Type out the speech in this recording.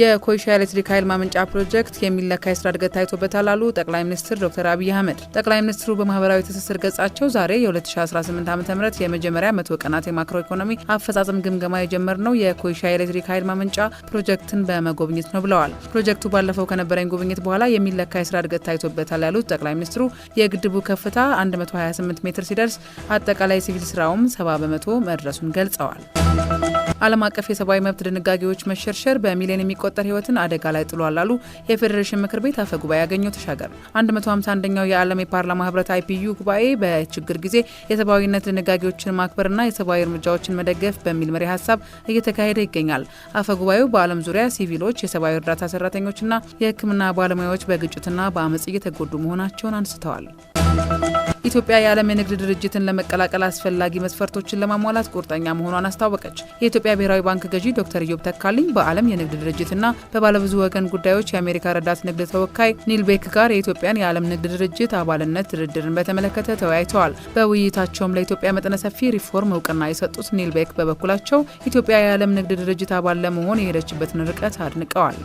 የኮይሻ ኤሌክትሪክ ኃይል ማመንጫ ፕሮጀክት የሚለካ የስራ እድገት ታይቶበታል አሉ ጠቅላይ ሚኒስትር ዶክተር አብይ አህመድ። ጠቅላይ ሚኒስትሩ በማህበራዊ ትስስር ገጻቸው ዛሬ የ2018 ዓ ም የመጀመሪያ መቶ ቀናት የማክሮ ኢኮኖሚ አፈጻጸም ግምገማ የጀመርነው የኮይሻ ኤሌክትሪክ ኃይል ማመንጫ ፕሮጀክትን በመጎብኘት ነው ብለዋል። ፕሮጀክቱ ባለፈው ከነበረኝ ጉብኝት በኋላ የሚለካ የስራ እድገት ታይቶበታል ያሉት ጠቅላይ ሚኒስትሩ የግድቡ ከፍታ 128 ሜትር ሲደርስ አጠቃላይ ሲቪል ስራውም 70 በመቶ መድረሱን ገልጸዋል። ዓለም አቀፍ የሰብአዊ መብት ድንጋጌዎች መሸርሸር በሚሊዮን የሚቆጠር ህይወትን አደጋ ላይ ጥሏል አሉ የፌዴሬሽን ምክር ቤት አፈ ጉባኤ ያገኘው ተሻገር። 151ኛው የዓለም የፓርላማ ህብረት አይፒዩ ጉባኤ በችግር ጊዜ የሰብአዊነት ድንጋጌዎችን ማክበርና የሰብአዊ እርምጃዎችን መደገፍ በሚል መሪ ሀሳብ እየተካሄደ ይገኛል። አፈ ጉባኤው በዓለም ዙሪያ ሲቪሎች፣ የሰብአዊ እርዳታ ሰራተኞችና የህክምና ባለሙያዎች በግጭትና በአመፅ እየተጎዱ መሆናቸውን አንስተዋል። ኢትዮጵያ የዓለም የንግድ ድርጅትን ለመቀላቀል አስፈላጊ መስፈርቶችን ለማሟላት ቁርጠኛ መሆኗን አስታወቀች። የኢትዮጵያ ብሔራዊ ባንክ ገዢ ዶክተር ኢዮብ ተካልኝ በዓለም የንግድ ድርጅትና በባለብዙ ወገን ጉዳዮች የአሜሪካ ረዳት ንግድ ተወካይ ኒል ቤክ ጋር የኢትዮጵያን የዓለም ንግድ ድርጅት አባልነት ድርድርን በተመለከተ ተወያይተዋል። በውይይታቸውም ለኢትዮጵያ መጠነ ሰፊ ሪፎርም እውቅና የሰጡት ኒል ቤክ በበኩላቸው ኢትዮጵያ የዓለም ንግድ ድርጅት አባል ለመሆን የሄደችበትን ርቀት አድንቀዋል።